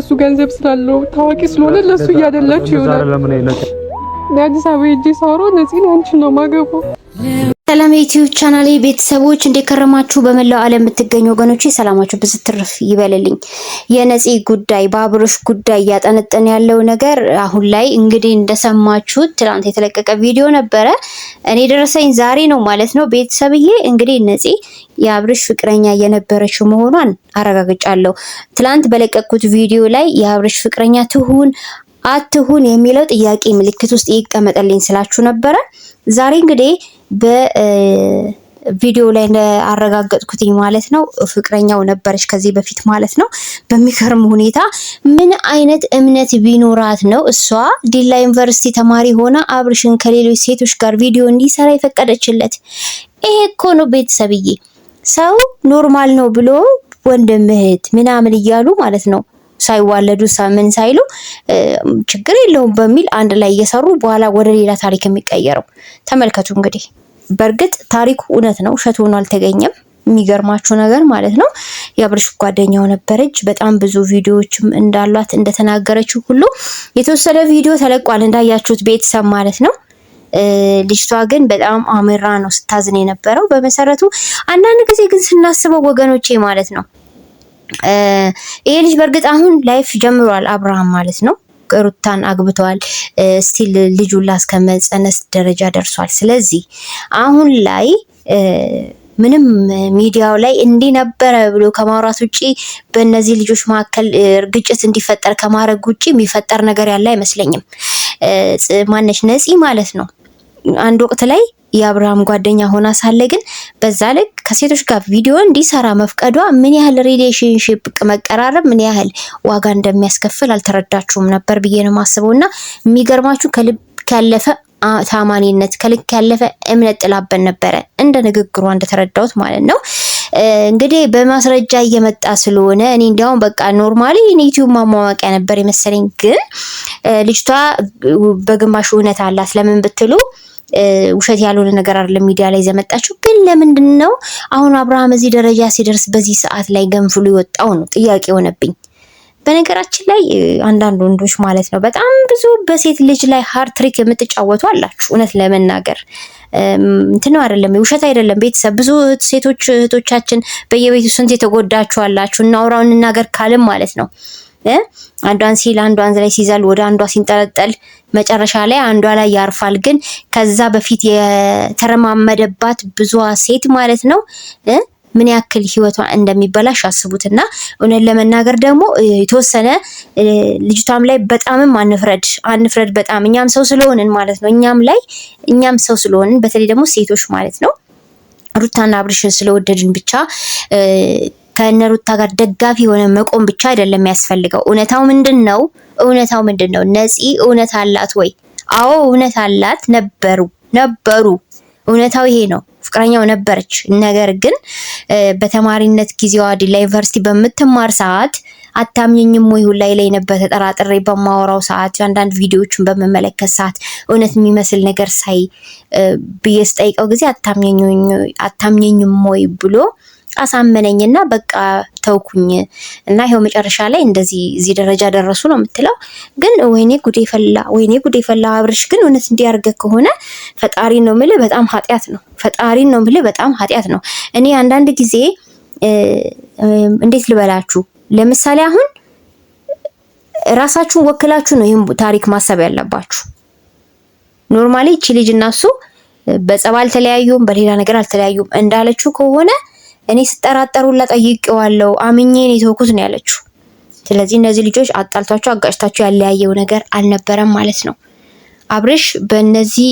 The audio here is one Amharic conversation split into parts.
እሱ ገንዘብ ስላለው ታዋቂ ስለሆነ ለእሱ እያደላችሁ ይሆናል። ለአዲስ አበባ ሂጅ ሳሮ ነፂን አንቺን ነው ማገባው ሰላም የዩቲዩብ ቻናሌ ቤተሰቦች እንደከረማችሁ፣ በመላው ዓለም የምትገኙ ወገኖች ሰላማችሁ ብዙ ይበልልኝ። የነፂ ጉዳይ በአብርሽ ጉዳይ እያጠነጠን ያለው ነገር አሁን ላይ እንግዲህ እንደሰማችሁት ትናንት የተለቀቀ ቪዲዮ ነበረ። እኔ ደረሰኝ ዛሬ ነው ማለት ነው። ቤተሰብዬ እንግዲህ ነፂ የአብርሽ ፍቅረኛ የነበረችው መሆኗን አረጋግጫለሁ። ትናንት በለቀቁት ቪዲዮ ላይ የአብርሽ ፍቅረኛ ትሁን አትሁን የሚለው ጥያቄ ምልክት ውስጥ ይቀመጠልኝ ስላችሁ ነበረ። ዛሬ እንግዲህ በቪዲዮ ላይ እንዳረጋገጥኩትኝ ማለት ነው ፍቅረኛው ነበረች ከዚህ በፊት ማለት ነው። በሚገርም ሁኔታ ምን አይነት እምነት ቢኖራት ነው እሷ ዲላ ዩኒቨርሲቲ ተማሪ ሆና አብርሽን ከሌሎች ሴቶች ጋር ቪዲዮ እንዲሰራ የፈቀደችለት? ይሄ እኮ ነው ቤተሰብዬ፣ ሰው ኖርማል ነው ብሎ ወንድም እህት ምናምን እያሉ ማለት ነው ሳይዋለዱ ምን ሳይሉ ችግር የለውም በሚል አንድ ላይ እየሰሩ በኋላ ወደ ሌላ ታሪክ የሚቀየረው ተመልከቱ እንግዲህ። በእርግጥ ታሪኩ እውነት ነው፣ ውሸት ሆኖ አልተገኘም። የሚገርማችሁ ነገር ማለት ነው የአብርሽ ጓደኛው ነበረች። በጣም ብዙ ቪዲዮዎችም እንዳሏት እንደተናገረችው ሁሉ የተወሰነ ቪዲዮ ተለቋል እንዳያችሁት ቤተሰብ ማለት ነው። ልጅቷ ግን በጣም አምራ ነው ስታዝን የነበረው። በመሰረቱ አንዳንድ ጊዜ ግን ስናስበው ወገኖቼ ማለት ነው ይሄ ልጅ በእርግጥ አሁን ላይፍ ጀምሯል አብርሃም ማለት ነው ሩታን አግብተዋል። ስቲል ልጁ እስከ መጸነስ ደረጃ ደርሷል። ስለዚህ አሁን ላይ ምንም ሚዲያው ላይ እንዲህ ነበረ ብሎ ከማውራት ውጪ በእነዚህ ልጆች መካከል ግጭት እንዲፈጠር ከማድረግ ውጭ የሚፈጠር ነገር ያለ አይመስለኝም። ማነች ነፂ ማለት ነው አንድ ወቅት ላይ የአብርሃም ጓደኛ ሆና ሳለ ግን በዛ ልክ ከሴቶች ጋር ቪዲዮ እንዲሰራ መፍቀዷ ምን ያህል ሪሌሽንሽፕ መቀራረብ ምን ያህል ዋጋ እንደሚያስከፍል አልተረዳችሁም ነበር ብዬ ነው የማስበው። እና የሚገርማችሁ ከልክ ያለፈ ታማኒነት ከልክ ያለፈ እምነት ጥላበን ነበረ፣ እንደ ንግግሯ እንደተረዳሁት ማለት ነው። እንግዲህ በማስረጃ እየመጣ ስለሆነ እኔ እንዲያውም በቃ ኖርማሊ ዩቲዩብ ማሟዋቂያ ነበር የመሰለኝ፣ ግን ልጅቷ በግማሽ እውነት አላት። ለምን ብትሉ ውሸት ያልሆነ ነገር አይደለም ሚዲያ ላይ ዘመጣችሁ ግን ለምንድን ነው አሁን አብርሃም እዚህ ደረጃ ሲደርስ በዚህ ሰዓት ላይ ገንፍሎ የወጣው ነው ጥያቄ የሆነብኝ። በነገራችን ላይ አንዳንድ ወንዶች ማለት ነው በጣም ብዙ በሴት ልጅ ላይ ሀርድ ትሪክ የምትጫወቱ አላችሁ። እውነት ለመናገር እንትን አይደለም ውሸት አይደለም። ቤተሰብ ብዙ ሴቶች እህቶቻችን በየቤቱ ስንት የተጎዳችሁ አላችሁ። እናውራውን እናገር ካልም ማለት ነው አንዷን ሲል አንዷን ላይ ሲዘል ወደ አንዷ ሲንጠለጠል መጨረሻ ላይ አንዷ ላይ ያርፋል። ግን ከዛ በፊት የተረማመደባት ብዙዋ ሴት ማለት ነው ምን ያክል ህይወቷ እንደሚበላሽ አስቡት። እና እውነት ለመናገር ደግሞ የተወሰነ ልጅቷም ላይ በጣምም አንፍረድ አንፍረድ። በጣም እኛም ሰው ስለሆንን ማለት ነው እኛም ላይ እኛም ሰው ስለሆንን በተለይ ደግሞ ሴቶች ማለት ነው ሩታና አብርሽን ስለወደድን ብቻ ከእነሩታ ጋር ደጋፊ የሆነ መቆም ብቻ አይደለም ያስፈልገው። እውነታው ምንድን ነው? እውነታው ምንድን ነው? ነፂ እውነት አላት ወይ? አዎ እውነት አላት። ነበሩ ነበሩ። እውነታው ይሄ ነው። ፍቅረኛው ነበረች። ነገር ግን በተማሪነት ጊዜዋ አዲ ዩኒቨርሲቲ በምትማር ሰዓት አታምኝኝም ወይ ሁላ ላይ ነበር ተጠራጥሬ በማወራው ሰዓት አንዳንድ ቪዲዮዎችን በመመለከት ሰዓት እውነት የሚመስል ነገር ሳይ ብዬ ስጠይቀው ጊዜ አታምኘኝም ወይ ብሎ አሳመነኝና በቃ ተውኩኝ እና ይሄው መጨረሻ ላይ እንደዚህ እዚህ ደረጃ ደረሱ ነው የምትለው። ግን ወይኔ ጉዴ ፈላ፣ ወይኔ ጉዴ ፈላ። አብርሽ ግን እውነት እንዲያርገ ከሆነ ፈጣሪ ነው ምል በጣም ኃጢያት ነው። ፈጣሪ ነው ምል በጣም ኃጢያት ነው። እኔ አንዳንድ ጊዜ እንዴት ልበላችሁ፣ ለምሳሌ አሁን ራሳችሁን ወክላችሁ ነው ይህም ታሪክ ማሰብ ያለባችሁ። ኖርማሊ እቺ ልጅ እና እሱ በጸባ አልተለያዩም፣ በሌላ ነገር አልተለያዩም እንዳለችው ከሆነ እኔ ስጠራጠሩ ሁላ ጠይቄዋለሁ አምኜ ነው የተውኩት ነው ያለችው። ስለዚህ እነዚህ ልጆች አጣልቷቸው አጋጭታቸው ያለያየው ነገር አልነበረም ማለት ነው። አብርሽ በእነዚህ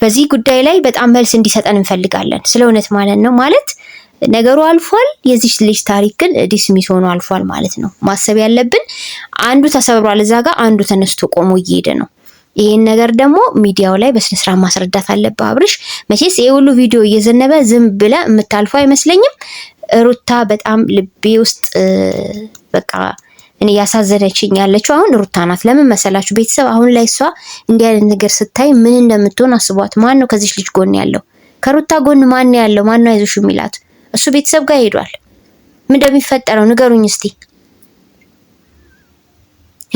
በዚህ ጉዳይ ላይ በጣም መልስ እንዲሰጠን እንፈልጋለን፣ ስለ እውነት ማለት ነው። ማለት ነገሩ አልፏል፣ የዚች ልጅ ታሪክ ግን ዲስሚስ ሆኖ አልፏል ማለት ነው። ማሰብ ያለብን አንዱ ተሰብሯል እዛ ጋር፣ አንዱ ተነስቶ ቆሞ እየሄደ ነው። ይሄን ነገር ደግሞ ሚዲያው ላይ በስነ ስርዓት ማስረዳት አለብህ አብርሽ። መቼስ ይሄ ሁሉ ቪዲዮ እየዘነበ ዝም ብለ የምታልፈው አይመስለኝም። ሩታ በጣም ልቤ ውስጥ በቃ እኔ ያሳዘነችኝ ያለችው አሁን ሩታ ናት። ለምን መሰላችሁ ቤተሰብ? አሁን ላይ እሷ እንዲህ አይነት ነገር ስታይ ምን እንደምትሆን አስቧት። ማን ነው ከዚች ልጅ ጎን ያለው? ከሩታ ጎን ማን ያለው? ማን ነው አይዞሽ የሚላት? እሱ ቤተሰብ ጋር ሄዷል። ምን እንደሚፈጠረው ንገሩኝ እስቲ።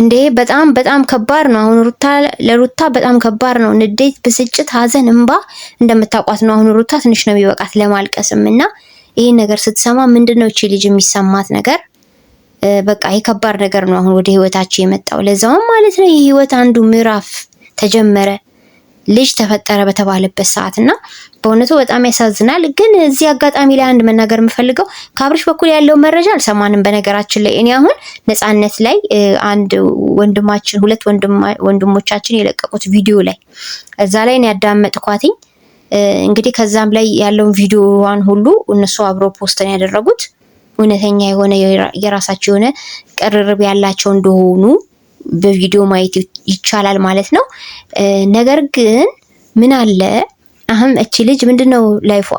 እንዴ በጣም በጣም ከባድ ነው። አሁን ሩታ ለሩታ በጣም ከባድ ነው። ንዴት፣ ብስጭት፣ ሀዘን እንባ እንደምታውቋት ነው። አሁን ሩታ ትንሽ ነው የሚበቃት ለማልቀስም እና ይሄ ነገር ስትሰማ ምንድነው እቺ ልጅ የሚሰማት ነገር በቃ የከባድ ነገር ነው አሁን ወደ ህይወታቸው የመጣው ለዛውም ማለት ነው የህይወት አንዱ ምዕራፍ ተጀመረ። ልጅ ተፈጠረ በተባለበት ሰዓት እና በእውነቱ በጣም ያሳዝናል። ግን እዚህ አጋጣሚ ላይ አንድ መናገር የምፈልገው ከአብርሽ በኩል ያለው መረጃ አልሰማንም። በነገራችን ላይ እኔ አሁን ነፃነት ላይ አንድ ወንድማችን ሁለት ወንድሞቻችን የለቀቁት ቪዲዮ ላይ እዛ ላይ ነው ያዳመጥኳትኝ። እንግዲህ ከዛም ላይ ያለውን ቪዲዮዋን ሁሉ እነሱ አብሮ ፖስትን ያደረጉት እውነተኛ የሆነ የራሳቸው የሆነ ቅርርብ ያላቸው እንደሆኑ በቪዲዮ ማየት ይቻላል ማለት ነው። ነገር ግን ምን አለ አሁን እቺ ልጅ ምንድነው ላይፏ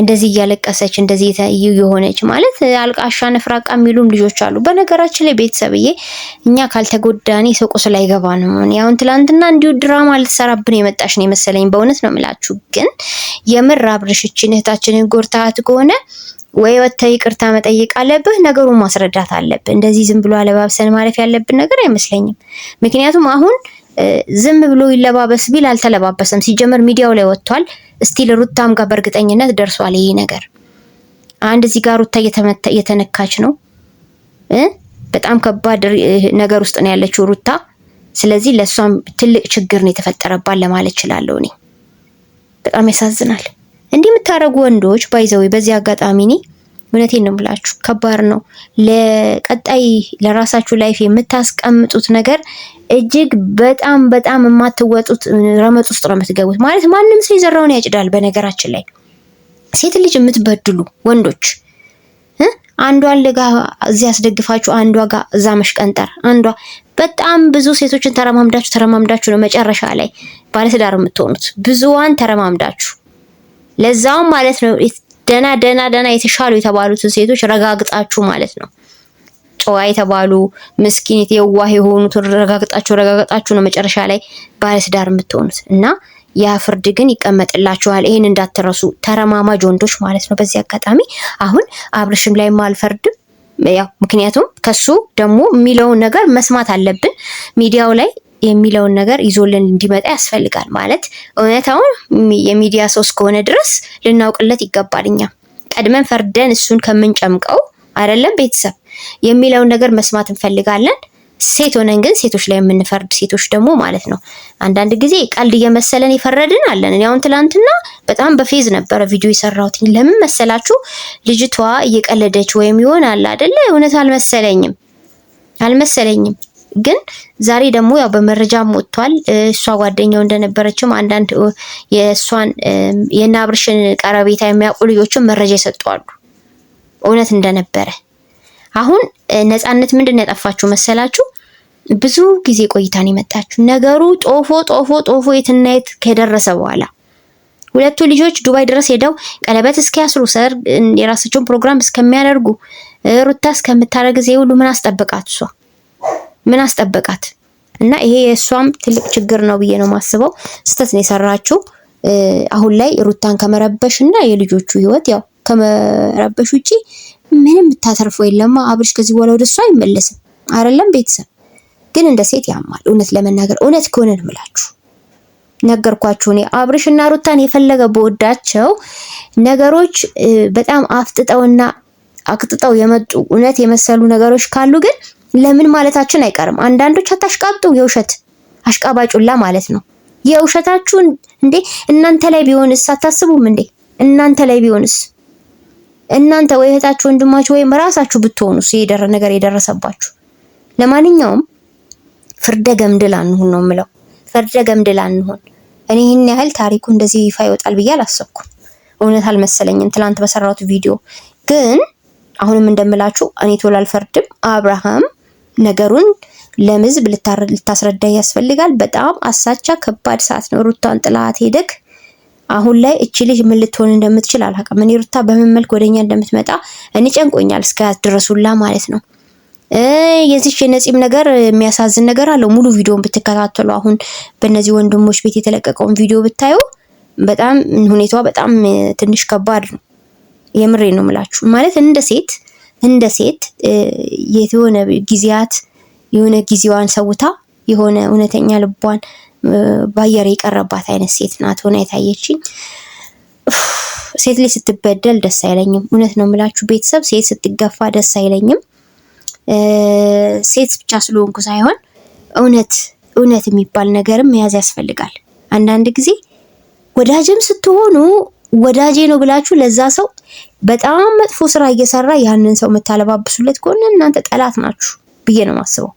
እንደዚህ እያለቀሰች እንደዚህ የሆነች ማለት አልቃሻ ነፍራቃ የሚሉም ልጆች አሉ። በነገራችን ላይ ቤተሰብዬ እኛ ካልተጎዳኔ ሰው ቁስል አይገባንም። ያሁን ትላንትና እንዲሁ ድራማ ልትሰራብን የመጣሽ ነው የመሰለኝ። በእውነት ነው የምላችሁ። ግን የምር አብርሽችን እህታችንን ጎርታት ከሆነ ወይ ወጥተህ ይቅርታ መጠየቅ አለብህ፣ ነገሩን ማስረዳት አለብህ። እንደዚህ ዝም ብሎ አለባብሰን ማለፍ ያለብን ነገር አይመስለኝም። ምክንያቱም አሁን ዝም ብሎ ይለባበስ ቢል አልተለባበሰም። ሲጀመር ሚዲያው ላይ ወጥቷል። እስቲል ሩታም ጋር በእርግጠኝነት ደርሷል ይሄ ነገር። አንድ እዚህ ጋር ሩታ እየተነካች ነው። በጣም ከባድ ነገር ውስጥ ነው ያለችው ሩታ። ስለዚህ ለእሷም ትልቅ ችግር ነው የተፈጠረባት ለማለት እችላለሁ እኔ። በጣም ያሳዝናል። እንዲህ የምታደርጉ ወንዶች ባይዘው በዚህ አጋጣሚ እኔ እውነቴን ነው ብላችሁ ከባድ ነው። ለቀጣይ ለራሳችሁ ላይፍ የምታስቀምጡት ነገር እጅግ በጣም በጣም የማትወጡት ረመጥ ውስጥ ነው የምትገቡት። ማለት ማንም ሰው የዘራውን ያጭዳል። በነገራችን ላይ ሴት ልጅ የምትበድሉ ወንዶች አንዷ ልጋ እዚህ አስደግፋችሁ አንዷ ጋር እዛ መሽቀንጠር፣ አንዷ በጣም ብዙ ሴቶችን ተረማምዳችሁ ተረማምዳችሁ ነው መጨረሻ ላይ ባለትዳር የምትሆኑት ብዙዋን ተረማምዳችሁ ለዛውም ማለት ነው ደና ደና ደና የተሻሉ የተባሉትን ሴቶች ረጋግጣችሁ ማለት ነው ጨዋ የተባሉ ምስኪን የዋህ የሆኑትን ረጋግጣችሁ ረጋግጣችሁ ነው መጨረሻ ላይ ዳር የምትሆኑት እና ያ ፍርድ ግን ይቀመጥላችኋል። ይሄን እንዳትረሱ ተረማማጅ ወንዶች ማለት ነው። በዚህ አጋጣሚ አሁን አብርሽም ላይ አልፈርድም፣ ያው ምክንያቱም ከሱ ደግሞ የሚለውን ነገር መስማት አለብን ሚዲያው ላይ የሚለውን ነገር ይዞልን እንዲመጣ ያስፈልጋል። ማለት እውነታውን የሚዲያ ሰው እስከሆነ ድረስ ልናውቅለት ይገባል። እኛ ቀድመን ፈርደን እሱን ከምንጨምቀው አይደለም ቤተሰብ የሚለውን ነገር መስማት እንፈልጋለን። ሴት ሆነን ግን ሴቶች ላይ የምንፈርድ ሴቶች ደግሞ ማለት ነው። አንዳንድ ጊዜ ቀልድ እየመሰለን የፈረድን አለን። እኔ አሁን ትላንትና በጣም በፌዝ ነበረ ቪዲዮ የሰራሁት። ለምን መሰላችሁ? ልጅቷ እየቀለደች ወይም ይሆን አለ አደለ? እውነት አልመሰለኝም አልመሰለኝም ግን ዛሬ ደግሞ ያው በመረጃም ሞቷል እሷ ጓደኛው እንደነበረችውም አንዳንድ የእሷን የእነ አብርሽን ቀረቤታ የሚያውቁ ልጆችን መረጃ ይሰጧሉ እውነት እንደነበረ። አሁን ነፃነት ምንድን ነው ያጠፋችሁ መሰላችሁ? ብዙ ጊዜ ቆይታን ነው የመጣችሁ። ነገሩ ጦፎ ጦፎ ጦፎ የትና የት ከደረሰ በኋላ ሁለቱ ልጆች ዱባይ ድረስ ሄደው ቀለበት እስኪያስሩ ሰርግ የራሳቸውን ፕሮግራም እስከሚያደርጉ ሩታ እስከምታረግዝ ሁሉ ምን አስጠብቃት እሷ? ምን አስጠበቃት? እና ይሄ የእሷም ትልቅ ችግር ነው ብዬ ነው ማስበው። ስህተት ነው የሰራችው። አሁን ላይ ሩታን ከመረበሽ እና የልጆቹ ህይወት ያው ከመረበሽ ውጪ ምንም ብታተርፈው የለማ። አብርሽ ከዚህ በኋላ ወደ እሷ አይመለስም አይደለም። ቤተሰብ ግን እንደ ሴት ያማል። እውነት ለመናገር እውነት ከሆነ ነው የምላችሁ። ነገርኳችሁ እኔ አብርሽ እና ሩታን የፈለገ በወዳቸው ነገሮች በጣም አፍጥጠውና አክጥጠው የመጡ እውነት የመሰሉ ነገሮች ካሉ ግን ለምን ማለታችን አይቀርም። አንዳንዶች አታሽቃብጡ፣ የውሸት አሽቃባጩላ ማለት ነው። የውሸታችሁ እንዴ እናንተ ላይ ቢሆንስ አታስቡም እንዴ? እናንተ ላይ ቢሆንስ እናንተ ወይ እህታችሁ ወንድማችሁ ወይም ራሳችሁ ብትሆኑስ የደረ ነገር የደረሰባችሁ። ለማንኛውም ፍርደ ገምድል አንሁን ነው የምለው። ፍርደ ገምድል አንሁን። እኔ ይህን ያህል ታሪኩ እንደዚህ ይፋ ይወጣል ብዬ አላሰብኩም። እውነት አልመሰለኝም። ትናንት በሰራሁት ቪዲዮ ግን አሁንም እንደምላችሁ እኔ ቶሎ አልፈርድም። አብርሃም ነገሩን ለምዝብ ልታስረዳ ያስፈልጋል። በጣም አሳቻ ከባድ ሰዓት ነው። ሩታን ጥላት ሄደክ አሁን ላይ እቺ ልጅ ምን ልትሆን እንደምትችል አላውቅም። እኔ ሩታ በምን መልክ ወደኛ እንደምትመጣ እኔ ጨንቆኛል። እስከ ያድረሱላ ማለት ነው። የዚች የነፂም ነገር የሚያሳዝን ነገር አለው። ሙሉ ቪዲዮን ብትከታተሉ አሁን በእነዚህ ወንድሞች ቤት የተለቀቀውን ቪዲዮ ብታዩ በጣም ሁኔታዋ በጣም ትንሽ ከባድ ነው። የምሬ ነው ምላችሁ ማለት እንደ ሴት እንደ ሴት የሆነ ጊዜያት የሆነ ጊዜዋን ሰውታ የሆነ እውነተኛ ልቧን ባየር የቀረባት አይነት ሴት ናት ሆና የታየችኝ። ሴት ላይ ስትበደል ደስ አይለኝም። እውነት ነው የምላችሁ ቤተሰብ፣ ሴት ስትገፋ ደስ አይለኝም። ሴት ብቻ ስለሆንኩ ሳይሆን እውነት እውነት የሚባል ነገርም መያዝ ያስፈልጋል። አንዳንድ ጊዜ ወዳጅም ስትሆኑ ወዳጄ ነው ብላችሁ ለዛ ሰው በጣም መጥፎ ስራ እየሰራ ያንን ሰው የምታለባብሱለት ከሆነ እናንተ ጠላት ናችሁ ብዬ ነው የማስበው።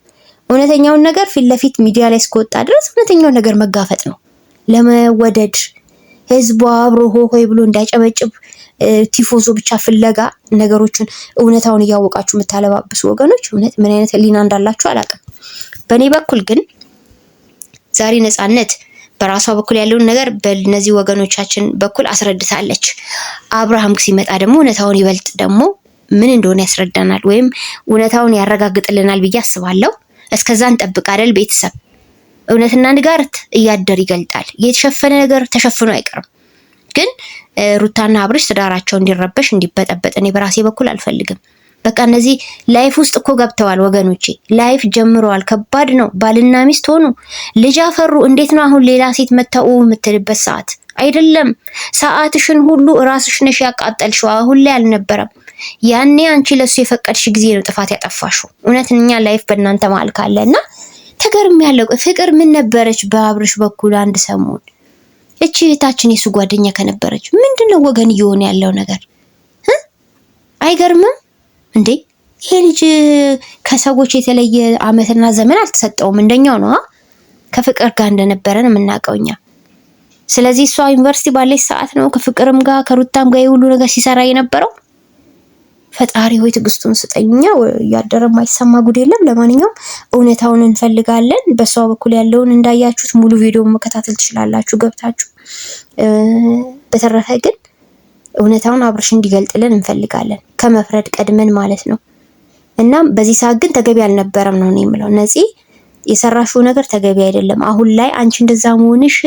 እውነተኛውን ነገር ፊት ለፊት ሚዲያ ላይ እስከወጣ ድረስ እውነተኛውን ነገር መጋፈጥ ነው። ለመወደድ ህዝቡ አብሮ ሆሆይ ብሎ እንዳይጨበጭብ ቲፎዞ ብቻ ፍለጋ ነገሮችን እውነታውን እያወቃችሁ የምታለባብሱ ወገኖች እውነት ምን አይነት ህሊና እንዳላችሁ አላውቅም። በእኔ በኩል ግን ዛሬ ነፃነት? በራሷ በኩል ያለውን ነገር በነዚህ ወገኖቻችን በኩል አስረድታለች። አብርሃም ሲመጣ ደግሞ እውነታውን ይበልጥ ደግሞ ምን እንደሆነ ያስረዳናል ወይም እውነታውን ያረጋግጥልናል ብዬ አስባለሁ። እስከዛ እንጠብቅ አይደል ቤተሰብ። እውነትና ንጋርት እያደር ይገልጣል። የተሸፈነ ነገር ተሸፍኖ አይቀርም። ግን ሩታና አብርሽ ትዳራቸው እንዲረበሽ እንዲበጠበጥ እኔ በራሴ በኩል አልፈልግም። በቃ እነዚህ ላይፍ ውስጥ እኮ ገብተዋል ወገኖቼ፣ ላይፍ ጀምረዋል። ከባድ ነው። ባልና ሚስት ሆኑ፣ ልጅ አፈሩ። እንዴት ነው አሁን ሌላ ሴት መታው የምትልበት ሰዓት አይደለም። ሰዓትሽን ሁሉ ራስሽ ነሽ ያቃጠልሽው። አሁን ላይ አልነበረም። ያኔ አንቺ ለሱ የፈቀድሽ ጊዜ ነው ጥፋት ያጠፋሽው። እኛ ላይፍ በእናንተ መሀል ካለና ተገርም ያለው ፍቅር ምን ነበረች በአብርሽ በኩል አንድ ሰሞን እቺ እህታችን የሱ ጓደኛ ከነበረች ምንድነው ወገን እየሆነ ያለው ነገር አይገርምም? እንዴ ይሄ ልጅ ከሰዎች የተለየ አመትና ዘመን አልተሰጠውም። እንደኛው ነው ከፍቅር ጋር እንደነበረን የምናውቀው እኛ። ስለዚህ እሷ ዩኒቨርሲቲ ባለች ሰዓት ነው ከፍቅርም ጋር ከሩታም ጋር የሁሉ ነገር ሲሰራ የነበረው። ፈጣሪ ሆይ ትዕግስቱን ስጠኛ። እያደረ የማይሰማ ጉድ የለም። ለማንኛውም እውነታውን እንፈልጋለን። በእሷ በኩል ያለውን እንዳያችሁት ሙሉ ቪዲዮ መከታተል ትችላላችሁ ገብታችሁ። በተረፈ ግን እውነታውን አብርሽ እንዲገልጥልን እንፈልጋለን፣ ከመፍረድ ቀድመን ማለት ነው። እናም በዚህ ሰዓት ግን ተገቢ አልነበረም ነው የምለው ነፂ የሰራሽው ነገር ተገቢ አይደለም። አሁን ላይ አንቺ እንደዛ መሆንሽ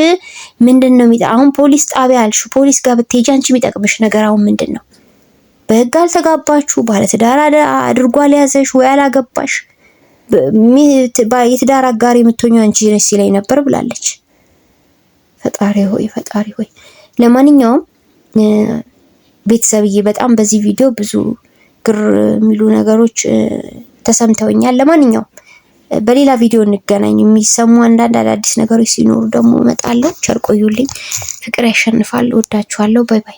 ምንድን ነው የሚጠ አሁን ፖሊስ ጣቢያ አልሽ፣ ፖሊስ ጋር ብትሄጂ አንቺ የሚጠቅምሽ ነገር አሁን ምንድን ነው? በህግ አልተጋባችሁ፣ ባለትዳር አድርጎ አልያዘሽ ወይ አላገባሽ፣ የትዳር አጋር የምትሆኚው አንቺ ነሽ ሲለኝ ነበር ብላለች። ፈጣሪ ሆይ ፈጣሪ ሆይ። ለማንኛውም ቤተሰብዬ በጣም በዚህ ቪዲዮ ብዙ ግር የሚሉ ነገሮች ተሰምተውኛል። ለማንኛውም በሌላ ቪዲዮ እንገናኝ። የሚሰሙ አንዳንድ አዳዲስ ነገሮች ሲኖሩ ደግሞ እመጣለሁ። ቸር ቆዩልኝ። ፍቅር ያሸንፋል። ወዳችኋለሁ። ባይ ባይ።